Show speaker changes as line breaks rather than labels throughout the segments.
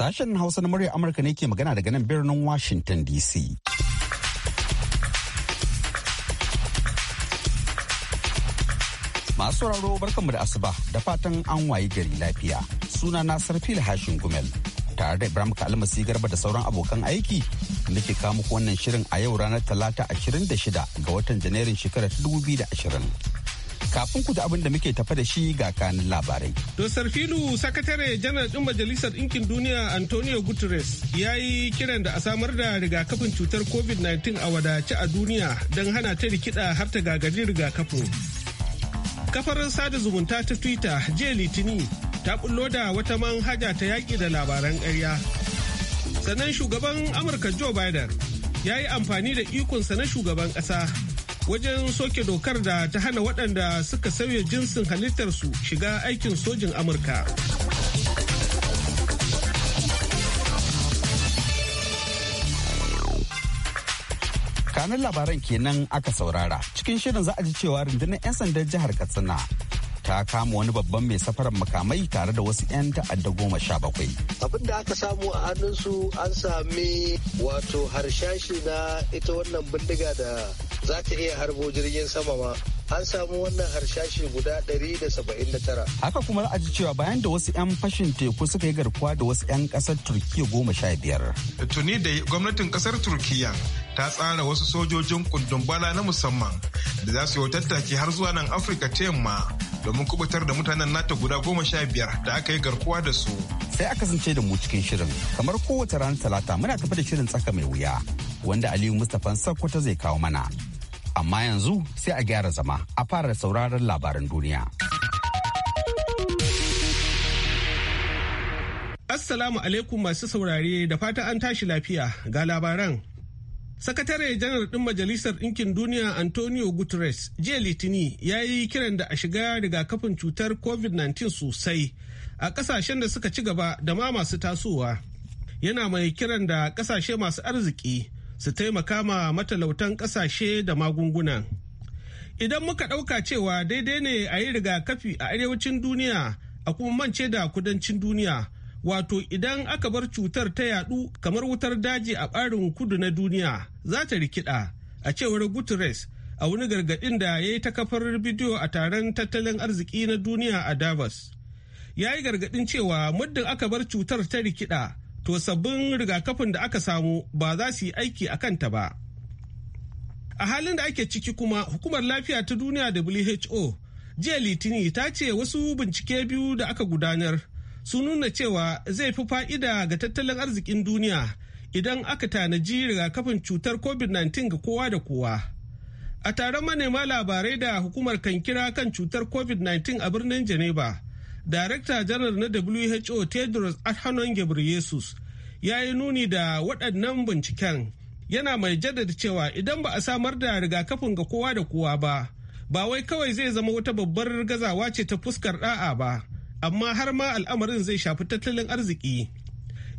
Sashen Hausa na murya Amurka ne ke magana daga nan birnin Washington DC. Masu sauraro barkanmu da asuba da fatan an wayi gari lafiya. Suna na Sarfil Hashin Gumel. Tare da Ibrahim Kalmasi Garba da sauran abokan aiki da ke kawo muku wannan shirin a yau ranar Talata 26 ga watan Janairun shekarar 2020. kafin ku da abin da muke tafa da shi ga kanin labarai.
Dostar filu sakatare janar ɗin majalisar ɗinkin duniya Antonio Guterres ya yi kiran da a samar da rigakafin cutar COVID-19 a wadace a duniya don hana ta rikida har ta gagarin rigakafin. Kafar sada zumunta ta Twitter jiya Litini ta bullo da wata manhaja ta yaƙi da labaran ƙarya. Sannan shugaban Amurka Joe Biden ya yi amfani da ikonsa na shugaban ƙasa wajen soke dokar da ta hana waɗanda suka sauya jinsin halittarsu shiga aikin sojin amurka
kanin labaran kenan aka saurara cikin shirin za a ji cewa rundunar 'yan sandan jihar katsina ta kama wani babban mai safarar makamai tare da wasu 'yan ta'adda goma sha bakwai.
Abin da aka samu a hannunsu an sami wato harshashi na ita wannan bindiga da za ta iya harbo jirgin sama ma
an samu wannan harshashi guda 179.
Haka kuma za a ji cewa bayan da wasu 'yan fashin teku suka yi garkuwa da wasu 'yan kasar Turkiyya goma sha biyar.
Tuni da gwamnatin kasar Turkiyya ta tsara wasu sojojin kundumbala na musamman da za su yi tattaki har zuwa nan Afirka ta yamma domin kubutar da mutanen nata guda goma sha biyar da aka yi
garkuwa da su. Sai aka kasance da mu cikin shirin kamar kowace ranar talata muna tafi da shirin tsaka mai wuya wanda Aliyu Mustapha Sakkwata zai kawo mana. Amma yanzu sai a gyara zama a fara sauraron labaran duniya.
Assalamu alaikum masu saurare da fata an tashi lafiya ga labaran. Sakatare janar ɗin Majalisar Ɗinkin Duniya Antonio Guterres jiya Litini ya yi kiran da a shiga rigakafin cutar COVID-19 sosai a ƙasashen da suka ci gaba da ma masu tasowa. Yana mai kiran da ƙasashe masu arziki su taimaka ma matalautan ƙasashe da magunguna. Idan muka ɗauka cewa daidai ne a yi rigakafi a arewacin duniya a kuma mance da kudancin duniya, wato idan aka bar cutar ta yaɗu kamar wutar daji a ɓarin kudu na duniya za ta rikida a cewar Guterres a wani gargaɗin da ya yi ta kafar bidiyo a taron tattalin arziki na duniya a Davos. Ya yi gargaɗin cewa muddin aka bar cutar ta rikida to sabbin rigakafin da aka samu ba za su yi aiki a kanta ba. A halin da ake ciki kuma hukumar lafiya ta duniya WHO jiya litini ta ce wasu bincike biyu da aka gudanar su nuna cewa zai fi fa'ida ga tattalin arzikin duniya idan aka tanaji rigakafin cutar covid-19 ga kowa da kowa. A taron manema labarai da hukumar kan kira kan cutar covid-19 a birnin Geneva. Darekta janar na WHO Tedros Adhanom Ghebreyesus ya yi nuni da waɗannan binciken yana mai jaddada cewa idan ba a samar da rigakafin ga kowa da kowa ba ba wai kawai zai zama wata babbar gazawa ce ta fuskar ɗa'a ba amma har ma al'amarin zai shafi tattalin arziki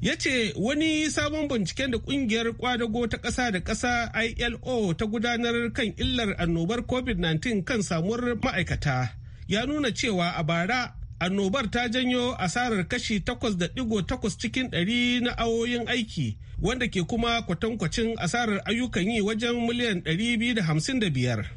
ya ce wani sabon binciken da ƙungiyar kwadago ta ƙasa da ƙasa ilo ta gudanar kan illar annobar covid-19 kan samuwar ma'aikata ya nuna cewa a bara annobar ta janyo asarar kashi 8.8 cikin ɗari na awoyin aiki wanda ke kuma kwatankwacin asarar ayyukan yi wajen miliyan ɗari da da hamsin biyar.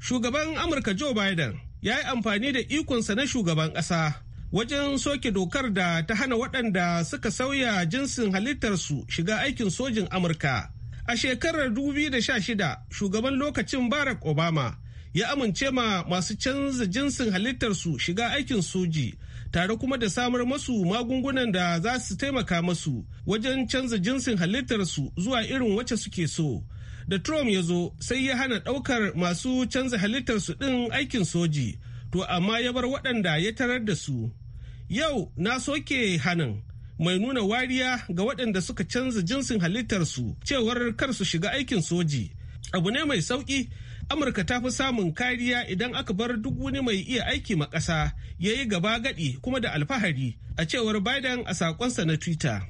shugaban amurka joe biden ya yi amfani da ikonsa na shugaban ƙasa wajen soke dokar da ta hana waɗanda suka sauya jinsin halittarsu shiga aikin sojin amurka a shekarar 2016 shugaban lokacin barack obama ya amince ma masu canza jinsin halittarsu shiga aikin soji tare kuma da samar masu magungunan da za su taimaka masu wajen canza jinsin halittarsu zuwa irin wacce suke so da trump ya zo sai ya hana daukar masu canza halittarsu ɗin aikin soji to amma ya bar waɗanda ya tarar da su yau na soke hanan mai nuna wariya ga waɗanda suka canza jinsin halittarsu cewar kar su shiga aikin soji abu ne mai sauki? amurka ta fi samun kariya idan aka bar duk wani mai iya aiki ma ƙasa ya yi gaba gadi kuma da alfahari a cewar biden a sakonsa na twitter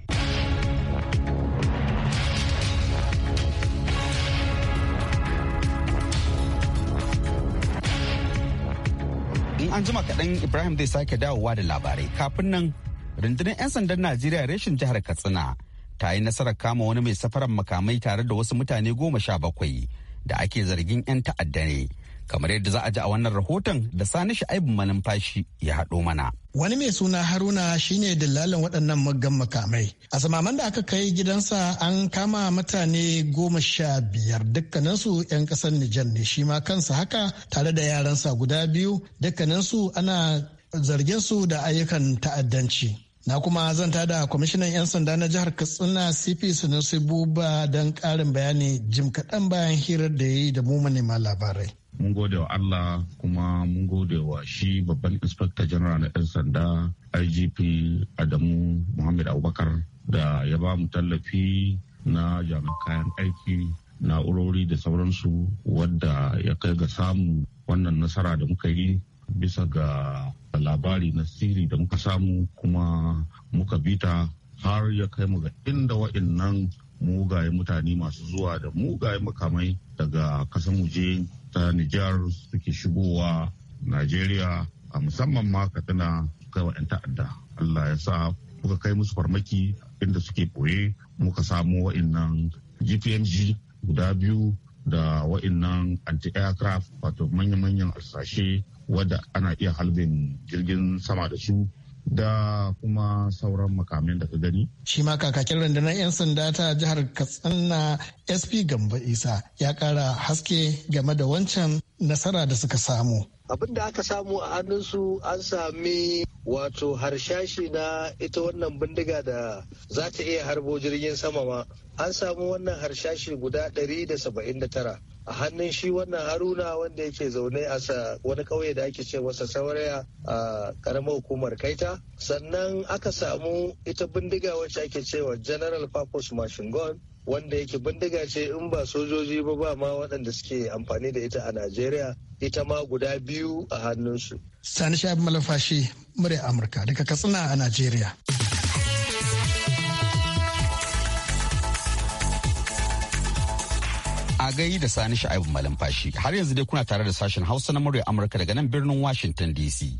in an jima kaɗan ibrahim zai sake dawowa da labarai kafin nan rundunar 'yan sandan najeriya reshin jihar katsina ta yi nasarar kama wani mai safarar makamai tare da wasu mutane goma sha bakwai da ake zargin 'yan ta'adda ne. kamar yadda za a ji a wannan rahoton da sani sha'ibu manumfashi ya haɗo mana.
Wani mai suna Haruna shine dillalin waɗannan maggan makamai. A samaman da aka kai gidansa an kama mutane goma sha biyar dukkaninsu 'yan ƙasar Nijar ne shi ma kansa haka tare da yaransa guda biyu dukkaninsu ana zargin su da ayyukan ta'addanci. Na kuma zan tada kwamishinan 'yan sanda na jihar Katsina CP Sunusi Buba don ƙarin bayani jim kaɗan bayan hirar da ya yi da mu manema labarai.
Mun gode wa Allah kuma mun gode wa shi babban inspector general na 'yan sanda IGP Adamu Muhammad Abubakar da ya ba mu tallafi na jami'an kayan aiki na'urori da sauransu wadda ya kai ga samu wannan nasara da muka yi bisa ga labari na siri da muka samu kuma muka bita har ya kai mu ga inda wa'innan mugaye mutane masu zuwa da mugaye makamai daga kasan waje ta Nijar suke shigowa Najeriya a musamman ma Katsina kai wa'yan ta'adda. Allah ya sa muka kai musu farmaki inda suke ɓoye muka samu wa'innan GPMG guda biyu da waɗannan anti-aircraft wato manya-manyan asashe wadda ana iya halbin jirgin sama da su
da kuma sauran makamin da ka gani. Shi ma kakakin rundunar 'yan sanda ta jihar Katsina SP Gamba Isa ya kara haske game da wancan nasara da suka samu.
abin da aka samu a hannunsu an sami wato harshashi na ita wannan bindiga da za ta iya harbo jirgin sama ma
an samu wannan harshashi guda 179 a hannun shi wannan haruna wanda yake zaune a wani kauye da ake ce masa sauraya a karamar hukumar kaita sannan aka samu ita bindiga wacce ake cewa general purpose machine gun wanda yake bindiga ce in ba sojoji ba ba ma waɗanda suke amfani da ita a najeriya ita ma guda biyu a hannunsu
sani shabi malafashi murya amurka daga katsina a najeriya
a gai da sani malam Fashi har yanzu dai kuna tare da sashen hausa na murya amurka daga nan birnin washington dc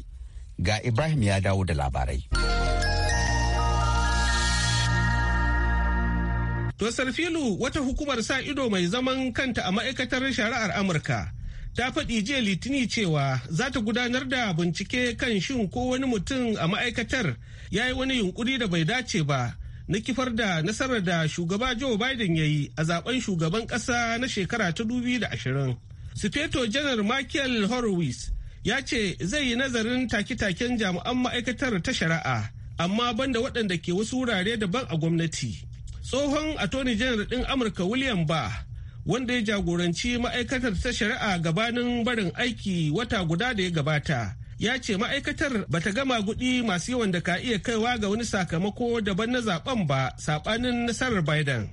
ga ibrahim ya dawo da labarai
To Sarfilu wata hukumar sa ido mai zaman kanta a ma'aikatar shari'ar Amurka ta faɗi jiya litini cewa za ta gudanar da bincike kan shin ko wani mutum a ma'aikatar ya yi wani yunkuri da bai dace ba na kifar da nasarar da shugaba Joe Biden ya yi a zaben shugaban ƙasa na shekara ta dubi da ashirin. Sufeto Janar Michael Horowitz ya ce zai yi nazarin take-taken jami'an ma'aikatar ta shari'a amma banda waɗanda ke wasu wurare daban a gwamnati. tsohon attorney Janar ɗin amurka william ba wanda ya jagoranci ma'aikatar ta shari'a gabanin barin aiki wata guda da ya gabata ya ce ma'aikatar ba ta gama gudi masu yawan da ka iya kaiwa ga wani sakamako daban na zaben ba saɓanin nasarar biden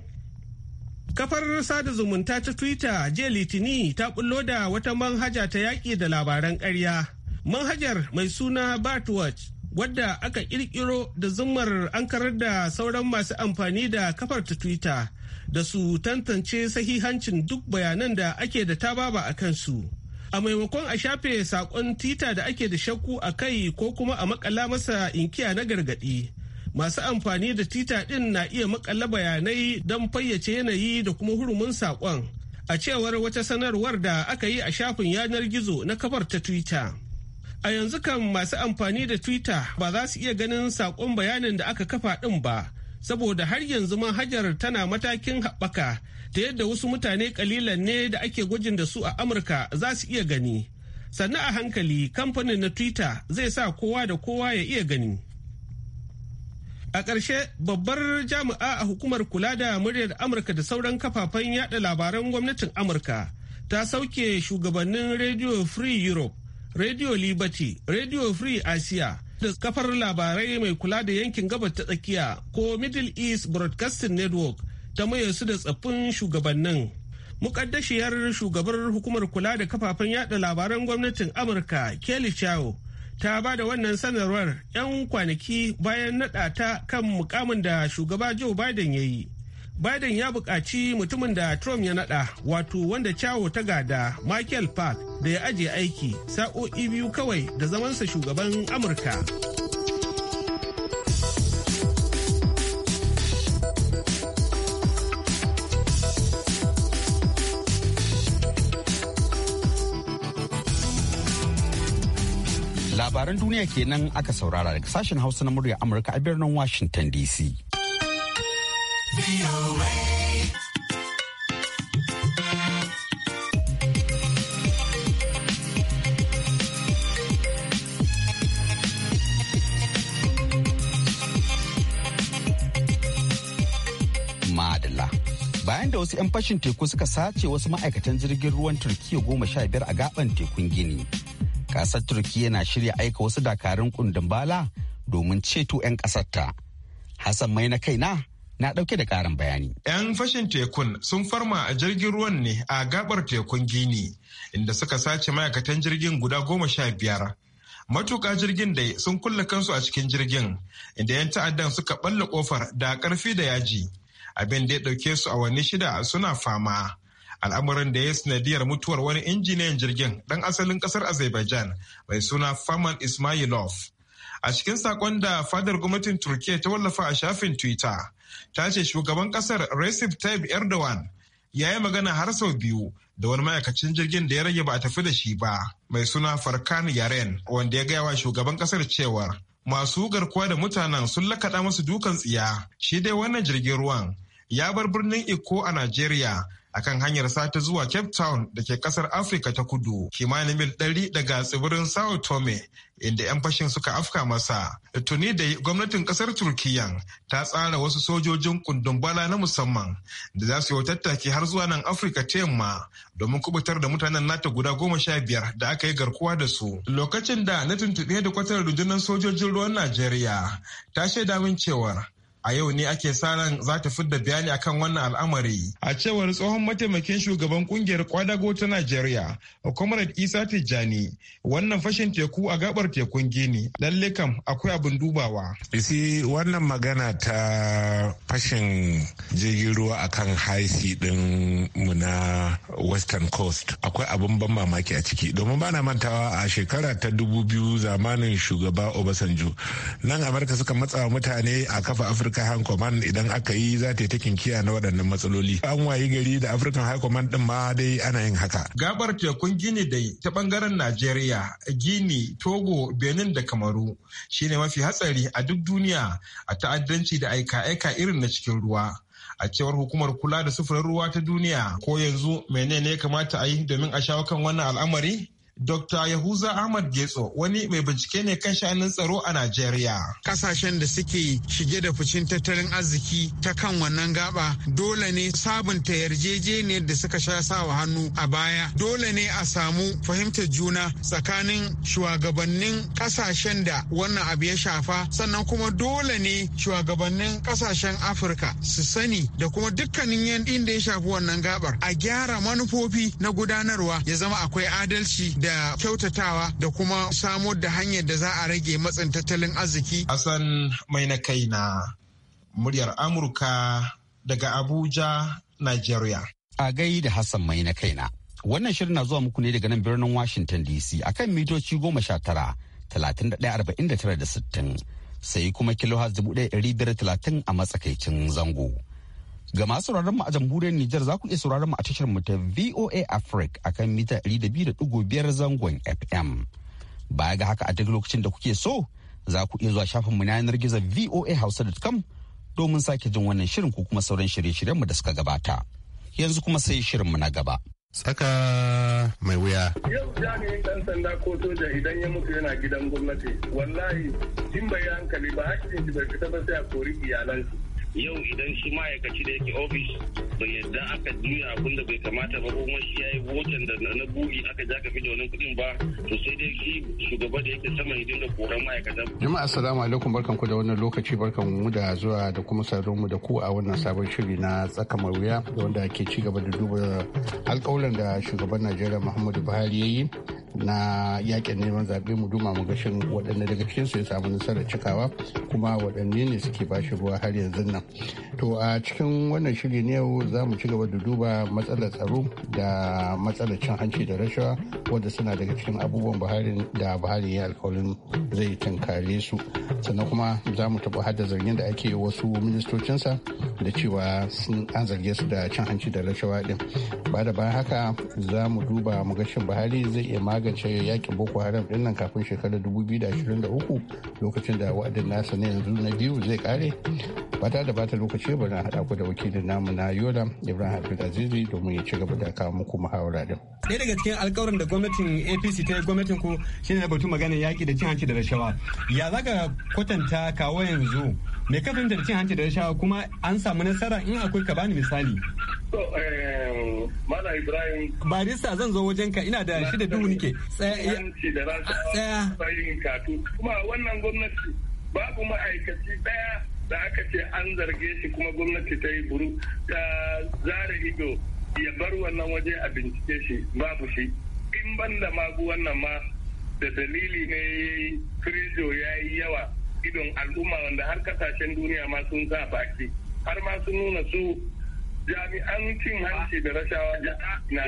Kafar sada zumunta ta Twitter jiya Litini ta bullo da wata manhaja ta yaƙi da labaran karya Manhajar mai suna Batwatch wadda aka kirkiro da zumar an karar da sauran masu amfani da kafar ta twitter da su tantance sahihancin duk bayanan da ake da tababa a kansu a maimakon a shafe sakon twitter da ake da shakku a kai ko kuma a makala masa inkiya na gargadi masu amfani da twitter din na iya makala bayanai don fayyace yanayi da kuma hurumin sakon a cewar wata sanarwar da aka yi a shafin yanar gizo na kafar ta twitter A yanzu kan masu amfani da Twitter ba za su iya ganin saƙon bayanin da aka kafa ɗin ba, saboda har yanzu manhajar tana matakin haɓaka ta yadda wasu mutane ƙalilan ne da ake gwajin da su a Amurka za su iya gani. Sannan a hankali kamfanin na Twitter zai sa kowa da kowa ya iya gani. A ƙarshe babbar jami'a a hukumar kula da muryar Amurka da sauran kafafen yada labaran gwamnatin Amurka ta sauke shugabannin Radio Free Europe Radio Liberty, Radio Free Asia da kafar labarai mai kula da yankin gabas ta tsakiya ko Middle East Broadcasting Network ta maye su da tsaffin shugabannin. Mukaddashiyar shugabar hukumar kula da kafafen yada labaran gwamnatin Amurka Kelly Chao ta ba da wannan sanarwar 'yan kwanaki bayan naɗa ta kan mukamin da shugaba Joe Biden ya yi. Biden ya buƙaci mutumin da Trump ya naɗa wato wanda cawo ta gada Michael Park da ya aje aiki sa'o'i biyu kawai da zamansa shugaban Amurka.
Labaran duniya kenan aka saurara daga sashen Hausa na murya Amurka a birnin Washington DC. da wasu 'yan fashin teku suka sace wasu ma'aikatan jirgin ruwan Turkiyya goma sha biyar a gaban tekun Gini. Kasar turkiya na shirya aika wasu dakarun kundin bala domin ceto 'yan kasarta. Hassan mai na kaina na ɗauke da ƙarin bayani. 'Yan
fashin tekun sun farma a jirgin ruwan ne a gabar tekun Gini inda suka sace ma'aikatan jirgin guda goma sha biyar. Matuƙa jirgin da sun kulle kansu a cikin jirgin inda 'yan ta'addan suka ɓalla ƙofar da ƙarfi da yaji. Abin da ya ɗauke su a awanni shida suna fama. al'amuran da ya sanadiyar mutuwar wani injiniyan jirgin ɗan asalin ƙasar Azerbaijan mai suna Faman Ismailov. A cikin sakon da fadar gwamnatin Turkiyya ta wallafa a shafin Twitter, ta ce shugaban kasar Recep Tayyip Erdogan ya yi magana har sau biyu da wani ma'aikacin jirgin da ya rage ba a tafi da shi ba, mai suna Farkan Yaren, wanda ya gaya wa shugaban kasar cewa masu garkuwa da mutanen sun lakaɗa masu dukan tsiya. Shi dai wannan jirgin ruwan ya bar birnin Iko a Najeriya akan hanyar sata zuwa Cape Town da ke kasar Afrika ta kudu kimanin mil ɗari daga tsibirin Sao Tome inda 'yan fashin suka afka masa. Tuni da gwamnatin kasar Turkiyya ta tsara wasu sojojin kundumbala na musamman da za su yi tattaki har zuwa nan Afrika ta yamma domin kubutar da mutanen nata guda goma sha biyar da aka yi garkuwa da su. Lokacin da na tuntuɓe da kwatar rundunar sojojin ruwan Najeriya ta shaida min cewar a yau ne ake sa ran za ta fidda bayani akan wannan al'amari. A cewar tsohon mataimakin shugaban kungiyar kwadago ta Najeriya, Comrade Isa Tijjani, wannan fashin teku a gabar tekun Gini, lalle kam akwai abin dubawa. Isi wannan magana ta fashin jirgin ruwa akan haisi din mu na Western Coast akwai abin ban mamaki a ciki domin bana mantawa a shekara ta dubu biyu zamanin shugaba Obasanjo nan Amurka suka matsa mutane a kafa Afirka african High Command idan aka yi za ta yi ta kiya na waɗannan matsaloli. An wayi gari da African High Command ɗin ma dai ana yin haka. Gabar tekun Gini dai ta bangaren Najeriya, Gini, Togo, Benin da Kamaru shine mafi hatsari a duk duniya a ta'addanci da aika-aika irin na cikin ruwa. a cewar hukumar kula da sufurin ruwa ta duniya ko yanzu menene ya kamata a yi domin a shawo kan wannan al'amari Dr. Yahuza Ahmad Getso wani mai bincike ne kan sha'anin tsaro a Najeriya. Kasashen da suke shige da ficin tattalin arziki ta kan wannan gaba dole ne sabunta yarjejeniyar da suka sha sawa hannu a baya. Dole ne a samu fahimtar juna tsakanin shugabannin kasashen da wannan abu ya shafa sannan kuma dole ne shugabannin kasashen Afirka su sani da kuma dukkanin yan inda ya shafi wannan gabar a gyara manufofi na gudanarwa ya zama akwai adalci da kyautatawa da kuma samar da hanyar da za a rage matsin tattalin arziki. Hassan mai na kai na muryar Amurka daga Abuja,
Nigeria. A gai da Hassan mai na kaina. Wannan shirin na zuwa muku ne daga nan birnin Washington DC akan mitoci goma sha tara, talatin da ɗaya arba'in da tara da sittin, sai kuma kilohaz dubu ɗaya ɗari biyar talatin a matsakaicin zango. Ga masu sauraron mu a jamhuriyar Nijar za ku iya sauraron mu a tashar mu ta VOA Africa akan mita 200.5 zangon FM. Baya ga haka a duk lokacin da kuke so za ku iya zuwa shafin mu na yanar gizo voahausa.com domin sake jin wannan shirin ko kuma sauran shirye-shiryen mu da suka gabata. Yanzu kuma sai shirin mu na gaba. Tsaka mai wuya. Yau
jami'in ɗan sanda ko soja idan ya mutu yana gidan gwamnati wallahi jin bai hankali ba hakkin shi bai fita ba sai a kori iyalansu. yau idan shi ma'aikaci da yake ofis bai yadda aka juya abin da bai kamata ba ko kuma shi ya yi wucin da na bugi aka ja ka fi da wani kuɗin ba to sai dai shi shugaba da yake sama ya dinga koran ma'aikata. jama'a assalamu
alaikum barkan ku da wannan lokaci barkan mu da zuwa da kuma sauran mu da ku a wannan sabon shiri na tsaka wuya wanda ke ci gaba da duba alƙawuran da shugaban najeriya muhammadu buhari ya yi na yakin neman zaɓe mu duma mu gashin waɗanne daga cikin su ya samu nasarar cikawa kuma waɗanne ne suke bashi ruwa har yanzu nan to a cikin wannan shiri ne yau za mu ci gaba da duba matsalar tsaro da matsalar cin hanci da rashawa wadda suna daga cikin abubuwan buhari da buhari ya alkawarin zai tunkare su sannan kuma za mu taɓa hada zargin da ake wasu ministocinsa da cewa sun an zarge su da cin hanci da rashawa din ba da bayan haka za mu duba mu gashin buhari zai iya magance yakin boko haram din nan kafin shekarar 2023 lokacin da wa'adin nasa na yanzu na biyu zai kare bata da bata lokaci bari na haɗa ku da wakilin namu na yola ibrahim abdul azizi domin ya ci gaba da kawo muku muhawara din
ɗaya daga cikin alkawarin da gwamnatin apc ta yi gwamnatin ku shine na batu maganin yaki da cin hanci da rashawa ya zaka kwatanta kawo yanzu me ka fahimta da cin hanci da rashawa kuma an samu nasara in akwai ka bani misali eh, Mala Ibrahim. Barista zan zo wajen ka ina da shi da duhu nike. Tsaya.
Tsaya. Kuma wannan gwamnati babu ma'aikaci daya da aka ce an zarge shi kuma gwamnati ta yi buru ta zare ido ya bar wannan waje a bincike shi babu shi. In ban da magu wannan ma da dalili ne ya yi ya yi yawa idon al'umma wanda har kasashen duniya ma sun sa baki har ma sun nuna su jami'an cin hanci da rashawa na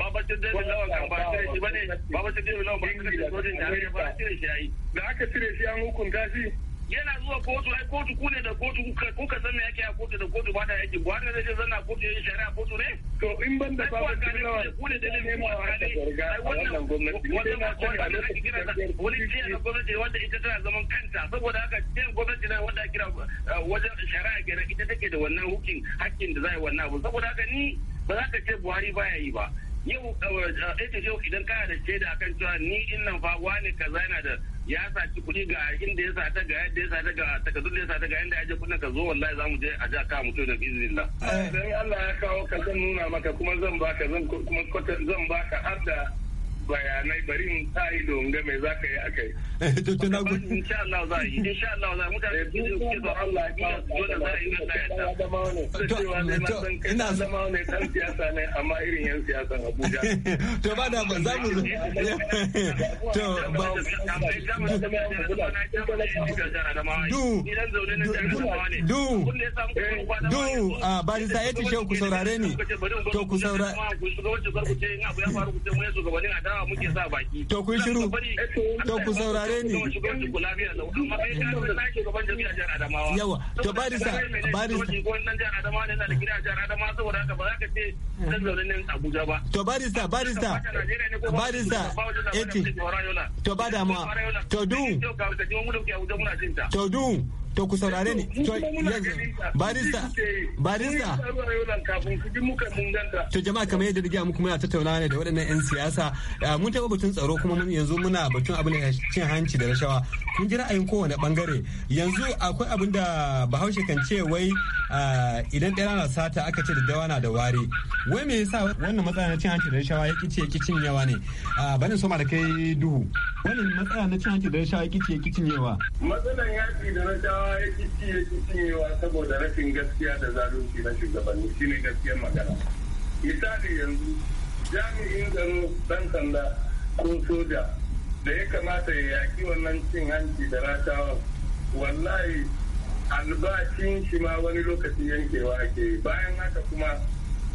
babacin david lawan kan ba cire shi bane babacin david lawan ba cire shi da aka cire shi an hukunta shi yana zuwa kotu ai kotu ku ne da kotu kuka san me yake a kotu da kotu ba ta yake buhari da zai zanna kotu yayin shari'a kotu ne to in ban da babu kiriwa ku ne da ne mu a wannan gwamnati wannan gwamnati kira da wani na gwamnati wanda ita tana zaman kanta saboda haka jiya gwamnati na wanda kira eh, wajen shari'a gina ita take da wannan hukin hakkin da za yi wannan abu saboda haka ni ba za ka ce buhari baya yi ba yau ita uh, uh, eh, yau idan kana da shaida akan cewa ni innan fa wani kaza yana da ya saci kuɗi ga inda ya sata ga yadda ya sata ga takardun da ya sata ga inda ya je kuɗin ka zo wallahi za mu je a ja ka mutum da izinillah eh. dan Allah ya kawo ka zan nuna maka kuma zan baka zan kuma zan baka har da bayanai bari in sa ido in ga me za yi a kai. To Insha Allah za yi. Insha Allah za mutane su ji suke Allah ya dole za a yi da To ina zama ne siyasa ne amma irin yan siyasa Abuja. To ba da ba za mu zo. To ba.
Du. Du. Du. ku saurare ni.
To ku saurare. Ku in abu
ya faru ku ce mu
adawa sawa muke sa baki to kun shiru to ku saurare ni yawa to Bari sa. to sa. Bari sa. eti
to ba damuwa to du to du to ku saurare ni to barista barista to jama'a kamar yadda nake muku muna tattaunawa ne da waɗannan yan siyasa eh, mun taɓa batun tsaro kuma mun yanzu muna batun abin da cin hanci da rashawa kun ji ra'ayin kowane bangare yanzu akwai abin da bahaushe kan ce wai eh, idan ɗaya na sata aka ce da dawa na da wari wai me yasa wannan matsala na cin hanci da rashawa ya kice ya yawa ne eh, bani ma da kai duhu wani matsala na cin hanci da rashawa yake ciye cinyewa. matsalan
yaƙi da rashawa ya kici ya cinyewa saboda rashin gaskiya da zalunci na shugabanni shine gaskiyar magana misali yanzu jami'in tsaro dan sanda ko soja da ya kamata ya yaki wannan cin hanci da rashawa wallahi albashin shi ma wani lokacin yankewa ake bayan haka kuma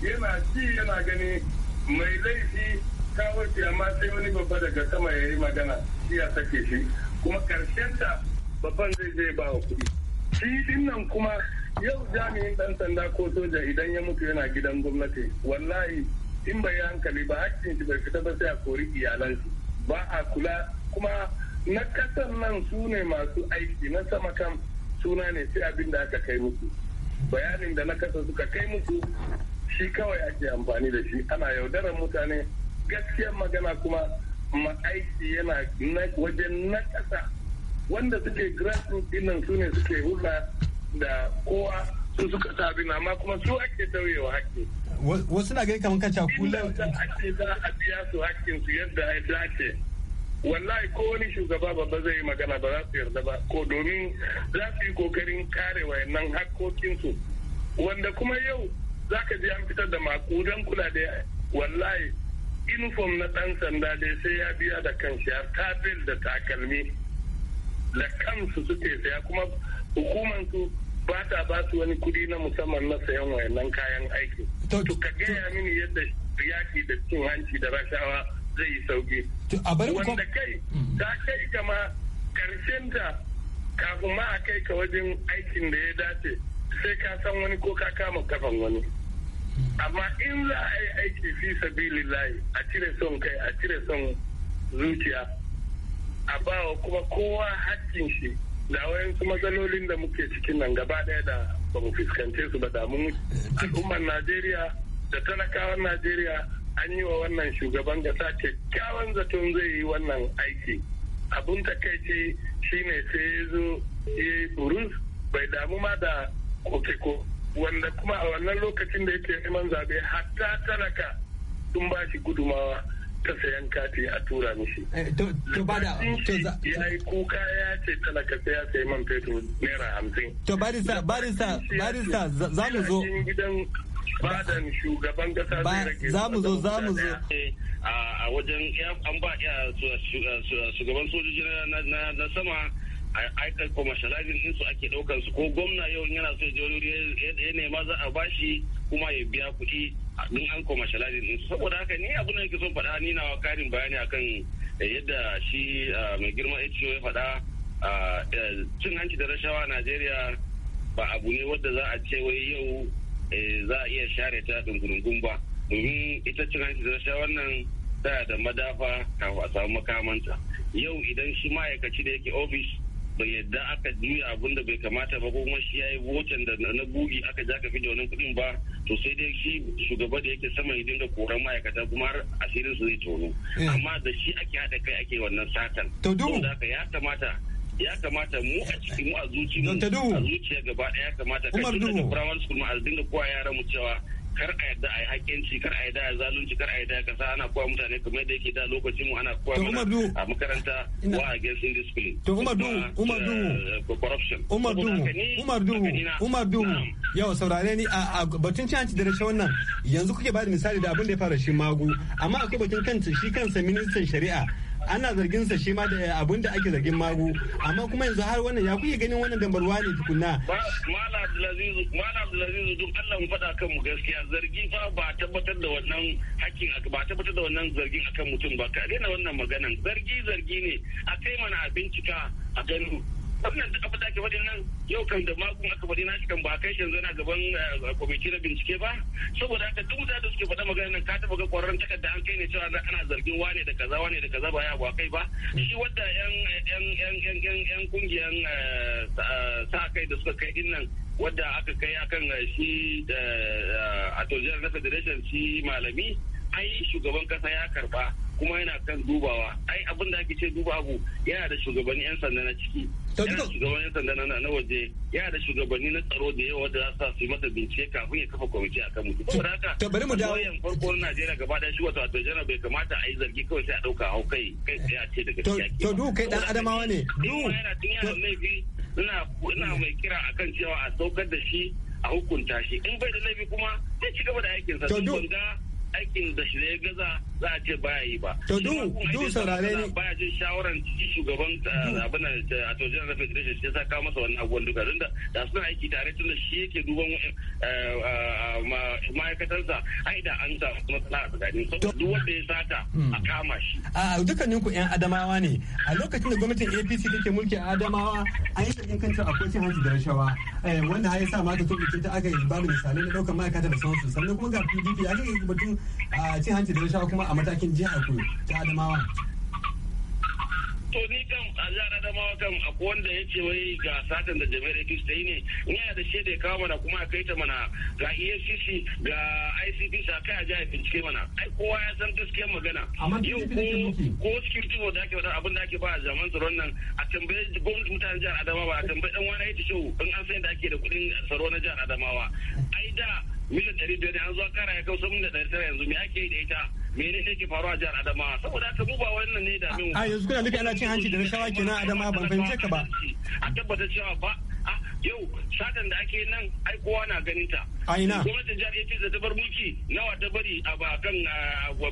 yana ci yana gani mai laifi ta amma sai wani babba daga sama ya yi magana ya sake shi kuma ta babban zai zai ba wa kuɗi shi din nan kuma yau jami'in dan sanda ko soja idan ya mutu yana gidan gwamnati wallahi in bai hankali ba hakkin shi bai fita ba sai a kori iyalansu ba a kula kuma na kasar nan su ne masu aiki na sama kan suna ne sai abin da aka kai musu bayanin da na kasa suka kai musu shi kawai ake amfani da shi ana yaudarar mutane gaskiyar magana kuma ma'aiki yana wajen na ƙasa wanda suke grassroots dinnan su ne suke hulɗa da kowa su suka sabi amma kuma su ake tauyewa hakki
wasu na gani kamar kaca kula
ake za a biya su hakkin su yadda ya dace wallahi ko wani shugaba babba zai yi magana ba za su yarda ba ko domin za su yi kokarin kare wayannan hakkokinsu wanda kuma yau za ka je an fitar da makudan kula da wallahi uniform na ɗan sanda dai sai ya biya da kansa ya tafil da takalmi da kansu suke saya kuma hukumansu ba ta ba su wani kudi na musamman na sayan wayannan kayan aiki. To ka gaya mini yadda yaki da cin hanci da rashawa zai yi sauki. Wanda kai mm. ta kai gama karshen ta kafin ma a kai ka wajen aikin da ya dace sai ka san wani ko ka kama kafan wani. amma in za a yi aiki fi sabili layi a cire son kai a cire son zuciya a bawa kuma kowa hakkin shi da wayansu matsalolin da muke cikin nan gaba daya da ba mu fuskance su ba damu al'ummar najeriya da talakawan najeriya an yi wa wannan shugaban gasa kyakkyawan zaton zai yi wannan aiki abun takaici shine sai ya zo ya yi burus bai damu ma da koke ko. wanda kuma a wannan lokacin da yake neman zaɓe hatta talaka sun ba shi gudumawa ta sayan kati a tura mishi. Eh, to ba da ya yi kuka ya ce talaka sai ya sayi man fetur naira hamsin.
To barista barista barista za mu zo. Badan
shugaban kasa zai rage. Za mu zo za mu zo. A wajen an ba shugaban sojoji na sama aikar commercializing din su ake daukar su ko gwamna yau yana so ya wani ya nema za a bashi kuma ya biya kuɗi din an commercializing din su saboda haka ni abin da yake son faɗa ni na karin bayani akan yadda shi mai girma HCO ya faɗa cin hanci da rashawa a Najeriya ba abu ne wadda za a ce wai yau eh, za a iya share ta dungurungun ba domin ita cin hanci da rashawa wannan tana da madafa kafin a samu makamanta yau idan shi ma'aikaci da yake ofis bai yadda aka juya abin da bai kamata ba ko kuma shi yayi wucin da na bugi aka ja ka da wannan kuɗi ba to sai dai shi shugaba da yake sama ya dinga koran ma'aikata kuma har asirin su zai tono eh. amma da shi ake haɗa kai ake wannan satan to duk da ya kamata ya kamata mu a ciki mu a zuci mu a zuciya gaba ɗaya ya kamata kai da primary school ma a dinga kowa yaran mu cewa kar a yadda a yi hakinci kar a yadda a zalunci kar a yadda a kasa ana koya mutane kamar da yake da lokacin mu ana koya mana a makaranta wa against indiscipline to umar duhu umar duhu eh,
corruption umar duhu umar duhu umar duhu yau saurare ni a batun canci da rashe wannan yanzu kuke ba da misali da abin da ya fara shi magu amma akwai batun kanta shi kansa ministan shari'a ana zargin sa shi ma da abin da ake zargin magu amma kuma yanzu har wannan ya kuke ganin wannan dambarwa ne tukunna
mala abdulaziz mala abdulaziz duk Allah mu faɗa kan mu gaskiya zargi fa ba tabbatar da wannan hakkin ba tabbatar da wannan zargin akan mutum ba ka daina wannan maganan zargi zargi ne a kai mana a bincika a gano gwamnan duk abin da aka nan yau kan da makon aka faɗi na shi kan ba kai shi yanzu gaban eh, kwamiti na bincike ba saboda haka duk da da suke faɗa magana nan ka taɓa ga ƙwararren takarda an kai ne cewa ana zargin wane da kaza wane da kaza ba ya ba kai ba mm. shi wanda yan yan yan yan yan yan kungiyan eh, eh, sa kai da suka kai din nan wadda aka kai akan shi da a na federation shi malami ai shugaban kasa ya karba kuma yana kan dubawa ai abin da ake ce duba abu yana da shugabanni yan sanda na ciki yana da shugabanni yan sanda na na waje yana da shugabanni na tsaro da yawa da za su yi bincike kafin ya kafa kwamiti akan mutum da haka to bari mu dawo yan farko na Najeriya gaba da shi wato wato jana bai kamata a yi zargi kawai sai a dauka hau kai kai sai a ce daga gaskiya to
du kai dan adamawa ne du yana
tun yana laifi ina ina mai kira akan cewa a saukar da shi a hukunta shi in bai da laifi kuma sai ci gaba da aikinsa. To aikin da shi ne gaza za a ce baya yi ba. To du du saurare ni. Baya jin shawaran ci shugaban eh, abin da a tojin da federation shi yasa kawo masa wannan abubuwan duka don da da suna aiki tare tun da shi yake duban eh, eh, ma'aikatarsa ai da an sa matsala a tsakanin. saboda Duk wanda ya sata a hmm. kama shi.
A dukkanin ku 'yan Adamawa ne a lokacin da gwamnatin APC take mulki a Adamawa an yi sabbin kanta akwai cin hanci da rashawa wanda har ya sa mata to ta aka yi ba da misalai na ɗaukar ma'aikata da sauransu sannan kuma ga PDP ake yi batun batun cin hanci da rashawa kuma a matakin jihar ku ta adamawa
to ni kan a jihar adamawa kan akwai wanda ya ce wai ga satan da jami'ar apis ta yi ne in yana da shaida ya kawo mana kuma a kai ta mana ga efcc ga icpc a kai a jihar bincike mana ai kowa ya san gaskiyar magana yau ko security board da ake wadar abin da ake ba a zaman tsaron nan a tambaye gwamnati mutanen jihar adamawa a tambaye dan wani ya ce in an san da ake da kuɗin tsaro na jihar adamawa ai da miliyan ɗari biyar an zuwa kara ya kai kusan da ɗari tara yanzu me ake yi da ita mene ne ke faruwa a jihar Adamawa saboda haka mu ba wannan ne da mu a yanzu kuna nufi ana cin hanci da rashawa kenan Adamawa ban fahimce ka ba a tabbata cewa ba a yau satan da ake nan ai kowa na ganin ta aina gwamnatin jihar ce da ta bar mulki nawa ta bari a ba kan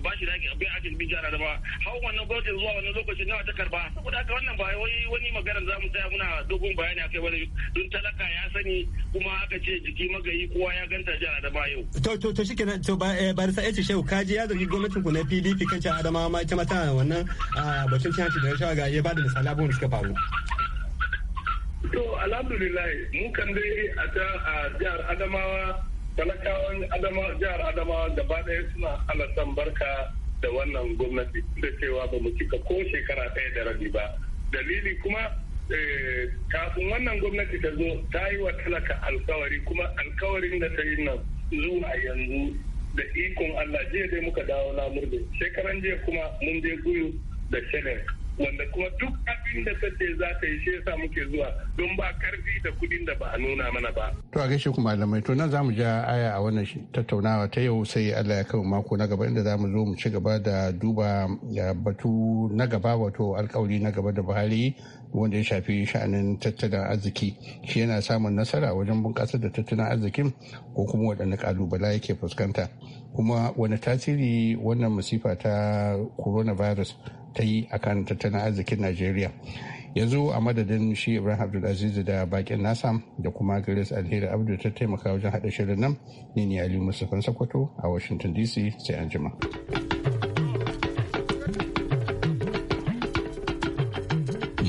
bashi da ake abin ake bin jihar da ba hau wannan gwamnatin zuwa wannan lokaci nawa ta karba saboda haka wannan ba wai wani magana za mu tsaya muna dogon bayani akai wani don talaka ya sani kuma aka ce jiki magayi kowa ya ganta jihar da ba yau
to to to shikenan to ba eh, barisa ce shehu kaji ya zargi gwamnatin ku na PDP kan cewa Adamawa ma ita mata tana wannan ah, batun cin hanci da rashawa ga ya bada misali abubuwan da suka faru
To alhamdulillah mu kan dai a jihar Adamawa talakawan jihar Adamawa gaba ɗaya suna san barka da wannan gwamnati da cewa ba mu cika ko shekara ɗaya da rabi ba. Dalili kuma eh, kafin wannan gwamnati ta zo ta yi wa talaka alkawari kuma alkawarin da ta yi nan zuwa yanzu da ikon Allah jiya dai muka dawo lamurde shekaran jiya kuma mun je guyu da shelek wanda kuma duk abin da kace za ta yi shi yasa muke zuwa don ba karfi da kudin da ba a nuna mana ba.
To a gaishe ku malamai to nan zamu ja aya a wannan tattaunawa ta yau sai Allah ya kawo mako na gaba inda mu zo mu ci gaba da duba batu na gaba wato alkawari na gaba da Buhari wanda ya shafi sha'anin tattalin arziki shi yana samun nasara wajen bunƙasar da tattalin arzikin ko kuma waɗanne ƙalubala yake fuskanta kuma wani tasiri wannan masifa ta coronavirus ta yi akan tattalin arzikin najeriya yanzu a madadin shi ibrahim abdulaziz da bakin nasa da kuma grace alheri abdu ta taimaka wajen haɗa shirin nan ne ne aliyu mustapha Sokoto a washington dc sai an jima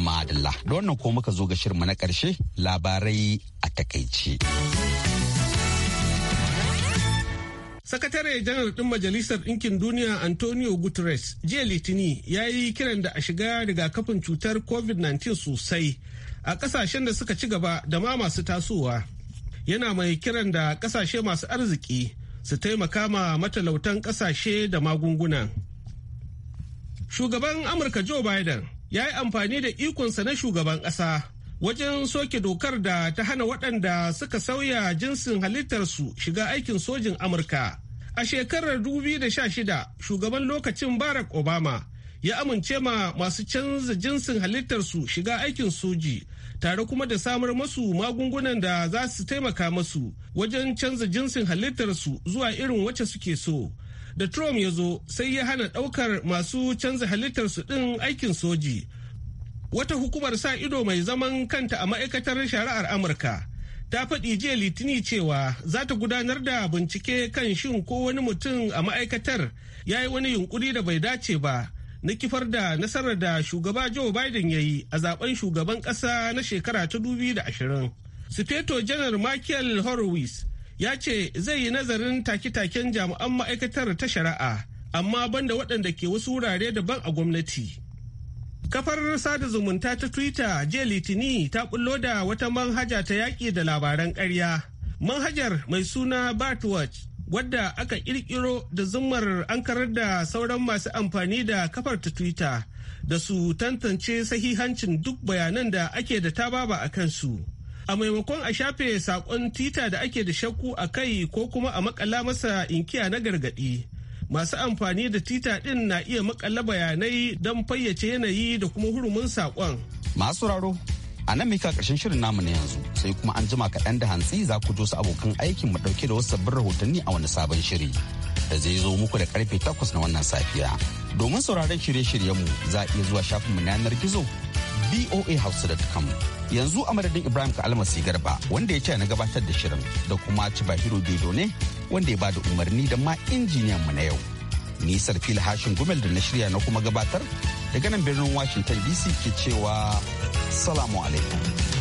madalla da wannan ko muka zo ga shirma na ƙarshe labarai a takaici.
Sakatare janar ɗin Majalisar Ɗinkin Duniya Antonio Guterres jiya Litini ya yi kiran da a shiga rigakafin cutar COVID-19 sosai a ƙasashen da suka ci gaba da ma masu tasowa. Yana mai kiran da ƙasashe masu arziki su taimaka ma matalautan ƙasashe da magunguna. Shugaban Amurka Joe Biden ya yi amfani da ikonsa na shugaban ƙasa wajen soke dokar da ta hana waɗanda suka sauya jinsin halittarsu shiga aikin sojin amurka a shekarar 2016 shugaban lokacin barack obama ya amince ma masu canza jinsin halittarsu shiga aikin soji tare kuma da samar masu magungunan da za su taimaka masu wajen canza jinsin halittarsu zuwa irin wacce suke so da trump ya zo sai ya hana ɗaukar masu canza halittarsu ɗin aikin soji wata hukumar sa ido mai zaman kanta a ma'aikatar shari'ar amurka ta faɗi jiya litini cewa za ta gudanar da bincike kan shin ko wani mutum a ma'aikatar ya yi wani yunkuri da bai dace ba na kifar da nasarar da shugaba joe biden ya yi a zaben shugaban ƙasa na shekara ta dubi da ashirin. sufeto janar michael horowitz ya ce zai yi nazarin take-taken jami'an ma'aikatar ta shari'a amma banda waɗanda ke wasu wurare daban a gwamnati. Kafar sada zumunta ta Twitter jiya Litini ta bullo da wata manhaja ta yaƙi da labaran ƙarya. Manhajar mai suna Batwatch wadda aka ƙirƙiro da zummar ankarar da sauran masu amfani da kafar ta Twitter da su tantance sahihancin duk bayanan da ake da tababa a kansu. A maimakon a shafe saƙon Twitter da ake da shakku a kai ko kuma a maƙala masa inkiya na gargaɗi. masu amfani da tita din na iya makalla bayanai
don fayyace yanayi da kuma hurumin saƙon. Masu raro, a nan mika ƙarshen shirin namu na yanzu sai kuma an jima kaɗan da hantsi za ku su abokan aikin mu ɗauke da wasu sabbin rahotanni a wani sabon shiri da zai zo muku da karfe takwas na wannan safiya. Domin sauraron shirye-shiryenmu za a iya zuwa shafinmu na yanar gizo voahausa.com yanzu a madadin ibrahim kalmasi garba wanda ya ce na gabatar da shirin da kuma cibahiro bedo ne wanda ya bada umarni da ma injiniyan mu na yau nisar fili hashin gumel da na shirya na kuma gabatar daga nan birnin washington dc ke cewa salamu alaikum